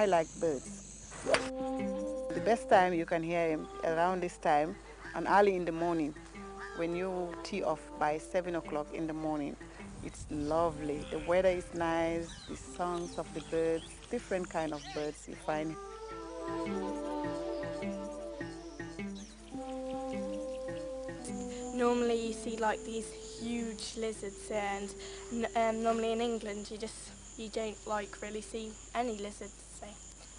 I like birds. The best time you can hear him around this time and early in the morning when you tee off by 7 o'clock in the morning. It's lovely. The weather is nice, the songs of the birds, different kind of birds you find. Normally you see like these huge lizards and um, normally in England you just you don't like really see any lizards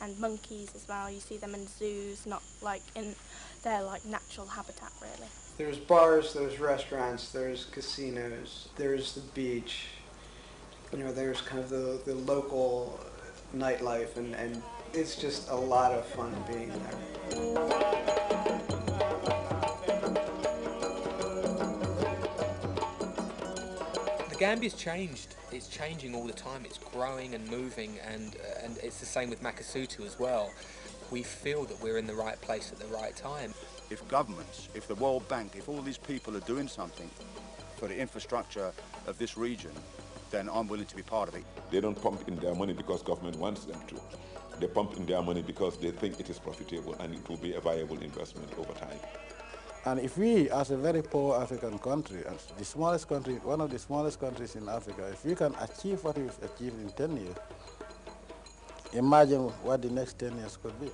and monkeys as well. You see them in zoos, not like in their like natural habitat really. There's bars, there's restaurants, there's casinos, there's the beach. You know, there's kind of the, the local nightlife and, and it's just a lot of fun being there. The Gambia's changed it's changing all the time. It's growing and moving, and uh, and it's the same with Makasutu as well. We feel that we're in the right place at the right time. If governments, if the World Bank, if all these people are doing something for the infrastructure of this region, then I'm willing to be part of it. They don't pump in their money because government wants them to. They pump in their money because they think it is profitable and it will be a viable investment over time. And if we, as a very poor African country, as the smallest country, one of the smallest countries in Africa, if we can achieve what we've achieved in 10 years, imagine what the next 10 years could be.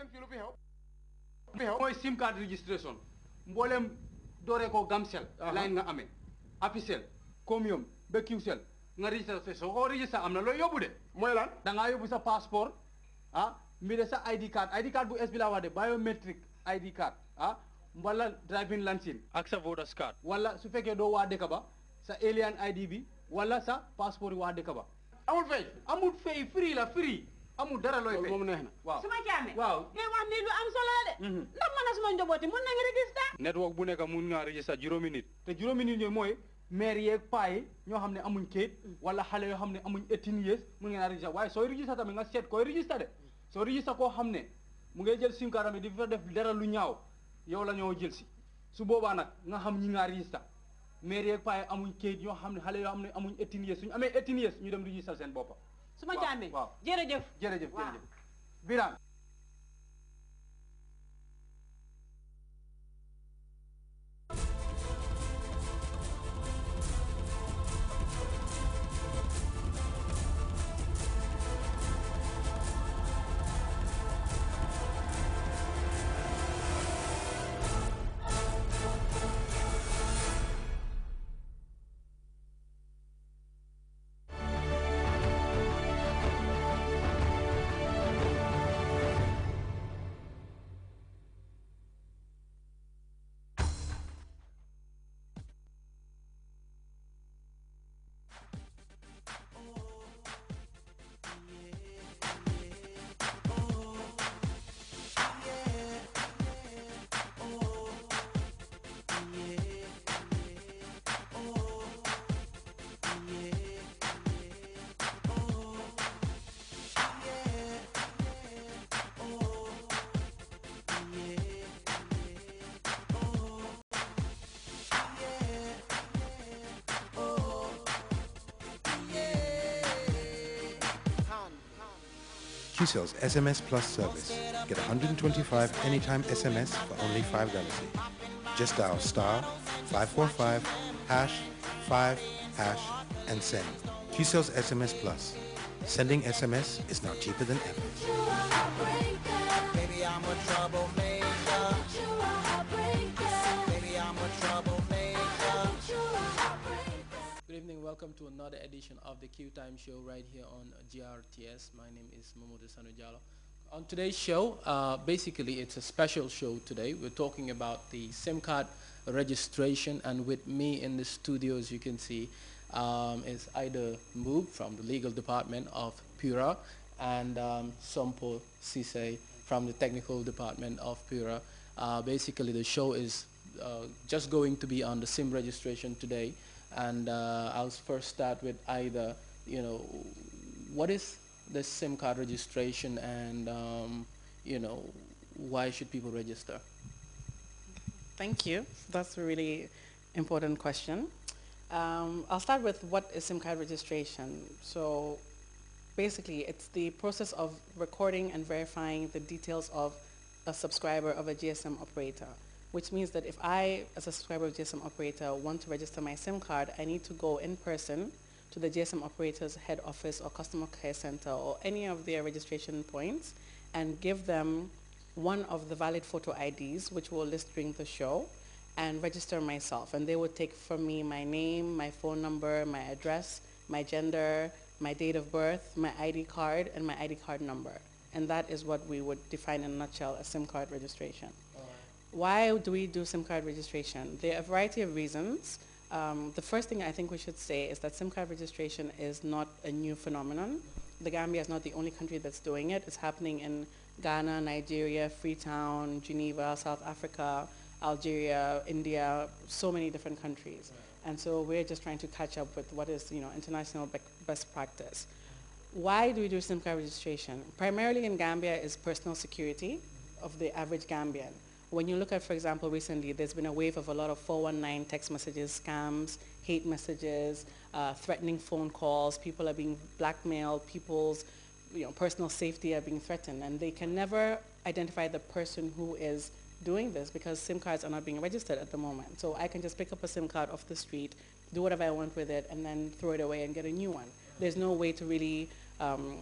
dem ci lu fi xew fi xew mooy sim card registration mbooleem dooree ko gamsel line nga amee afisel comium ba kiwsel nga registré soo ko registré am na looy yóbbu de mooy lan da ngaa yóbbu sa passeport ah, mbi de sa ID card ID card bu es bi laa wax de biométrique ID card ah driving license ak sa voters card wala su fekkee doo waa dëkk ba sa alien ID bi wala sa passeport waa dëkk ba amul fay amul fay free la free amul dara looy moom neex na waaw su caamee waaw ngay wax nii lu am solo la de mhm. ndax man a suma njabooti mun nañ register network bu nekk mun ngaa register juróomi nit te juróomi nit ñooy mooy maire yeeg paa ñoo xam ne amuñ kayit mm. wala xale yoo xam ne amuñ eighteen years mun ngeen a register waaye sooy register tamit nga seet koy register de soo register koo xam ne mu ngay jël sim card bi di fa def dara lu ñaaw yow la ñoo jël si su boobaa nag nga xam ñi nga register maire yeeg paa yi amuñ kayit ñoo xam ne xale yoo xam ne amuñ eighteen years suñu amee eighteen years ñu dem register seen boppam su ma caamee jërëjëf jërëjëf jërëjëf Birame QCell's SMS Plus service. Get 125 anytime SMS for only $5. Just dial star 545 hash 5 hash and send. QCell's SMS Plus. Sending SMS is now cheaper than ever. welcome to another edition of the Q Time Show right here on GRTS. My name is Momodu Sanujalo. On today's show, uh, basically it's a special show today. We're talking about the SIM card registration and with me in the studio, as you can see, um, is either Moob from the legal department of Pura and um, Sompo Sise from the technical department of Pura. Uh, basically the show is uh, just going to be on the SIM registration today. And uh, I'll first start with either, you know, what is the SIM card registration and, um, you know, why should people register? Thank you. That's a really important question. Um, I'll start with what is SIM card registration. So basically it's the process of recording and verifying the details of a subscriber of a GSM operator which means that if I, as a subscriber of GSM operator, want to register my SIM card, I need to go in person to the GSM operator's head office or customer care center or any of their registration points and give them one of the valid photo IDs, which we'll list during the show, and register myself. And they will take from me my name, my phone number, my address, my gender, my date of birth, my ID card, and my ID card number. And that is what we would define in a nutshell as SIM card registration. Uh, why do we do SIM card registration? There are a variety of reasons. Um, the first thing I think we should say is that SIM card registration is not a new phenomenon. The Gambia is not the only country that's doing it. It's happening in Ghana, Nigeria, Freetown, Geneva, South Africa, Algeria, India, so many different countries. And so we're just trying to catch up with what is you know, international best practice. Why do we do SIM card registration? Primarily in Gambia is personal security of the average Gambian when you look at, for example, recently, there's been a wave of a lot of 419 text messages, scams, hate messages, uh, threatening phone calls. People are being blackmailed. People's you know, personal safety are being threatened. And they can never identify the person who is doing this because SIM cards are not being registered at the moment. So I can just pick up a SIM card off the street, do whatever I want with it, and then throw it away and get a new one. There's no way to really um,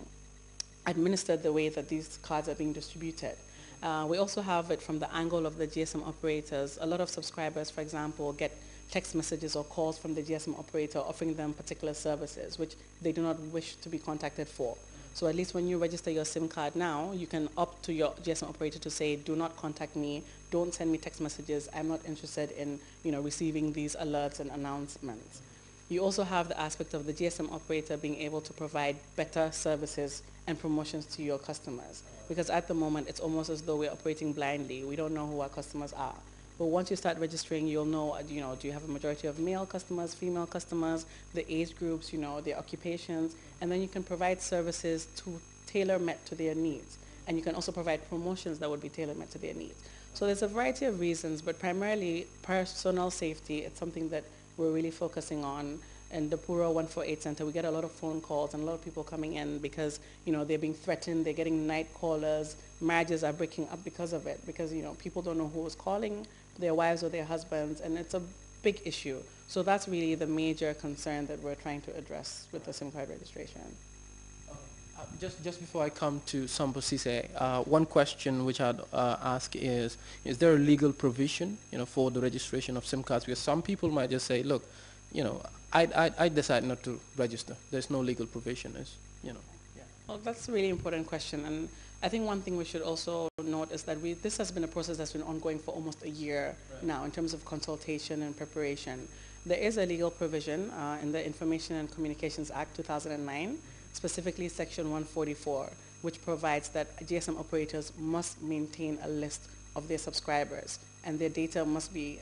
administer the way that these cards are being distributed. Uh, we also have it from the angle of the GSM operators. A lot of subscribers, for example, get text messages or calls from the GSM operator offering them particular services which they do not wish to be contacted for. So at least when you register your SIM card now, you can opt to your GSM operator to say, do not contact me, don't send me text messages, I'm not interested in you know, receiving these alerts and announcements. You also have the aspect of the GSM operator being able to provide better services and promotions to your customers because at the moment it's almost as though we're operating blindly. We don't know who our customers are. But once you start registering, you'll know, uh, you know, do you have a majority of male customers, female customers, the age groups, you know, their occupations, and then you can provide services to tailor met to their needs. And you can also provide promotions that would be tailor met to their needs. So there's a variety of reasons, but primarily personal safety, it's something that we're really focusing on in the Pura 148 Center, we get a lot of phone calls and a lot of people coming in because, you know, they're being threatened, they're getting night callers, marriages are breaking up because of it, because, you know, people don't know who is calling their wives or their husbands, and it's a big issue. So that's really the major concern that we're trying to address with the SIM card registration. Uh, just, just before I come to Sambo Sise, uh, one question which I'd uh, ask is, is there a legal provision, you know, for the registration of SIM cards? Because some people might just say, look, you know, I, I, I decide not to register. There's no legal provision, as you know. Yeah. Well, that's a really important question, and I think one thing we should also note is that we this has been a process that's been ongoing for almost a year right. now in terms of consultation and preparation. There is a legal provision uh, in the Information and Communications Act 2009, specifically Section 144, which provides that GSM operators must maintain a list of their subscribers, and their data must be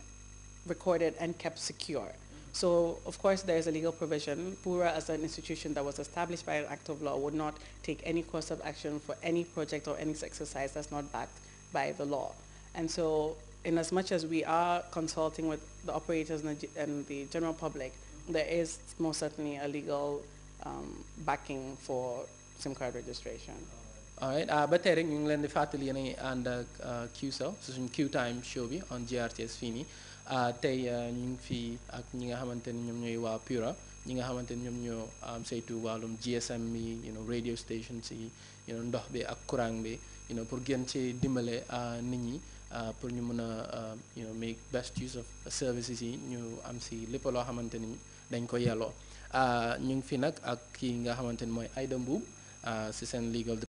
recorded and kept secure. So, of course, there is a legal provision. PURA, as an institution that was established by an act of law, would not take any course of action for any project or any exercise that's not backed by the law. And so, in as much as we are consulting with the operators and the, and the general public, there is most certainly a legal um, backing for SIM card registration. Alright, uh, ba tey rek ñu ngi leen ànd Q Sow su Q time show on GRTS Fini. uh, ah, tay uh, ñu fi ak ñi nga xamanteni ñom ñoy wa pura ñi nga xamanteni ñom ñoo am um, saytu walum gsm mi e, you know radio station ci you know ndox bi ak courant bi you know pour gën ci dimbalé a uh, nit ñi ah, pour ñu mëna um, you know make best use of services yi ñu am um, ci lepp lo xamanteni dañ ko yelo uh, ah, ñu fi nak ak ki nga xamanteni moy aidambu uh, c'est un legal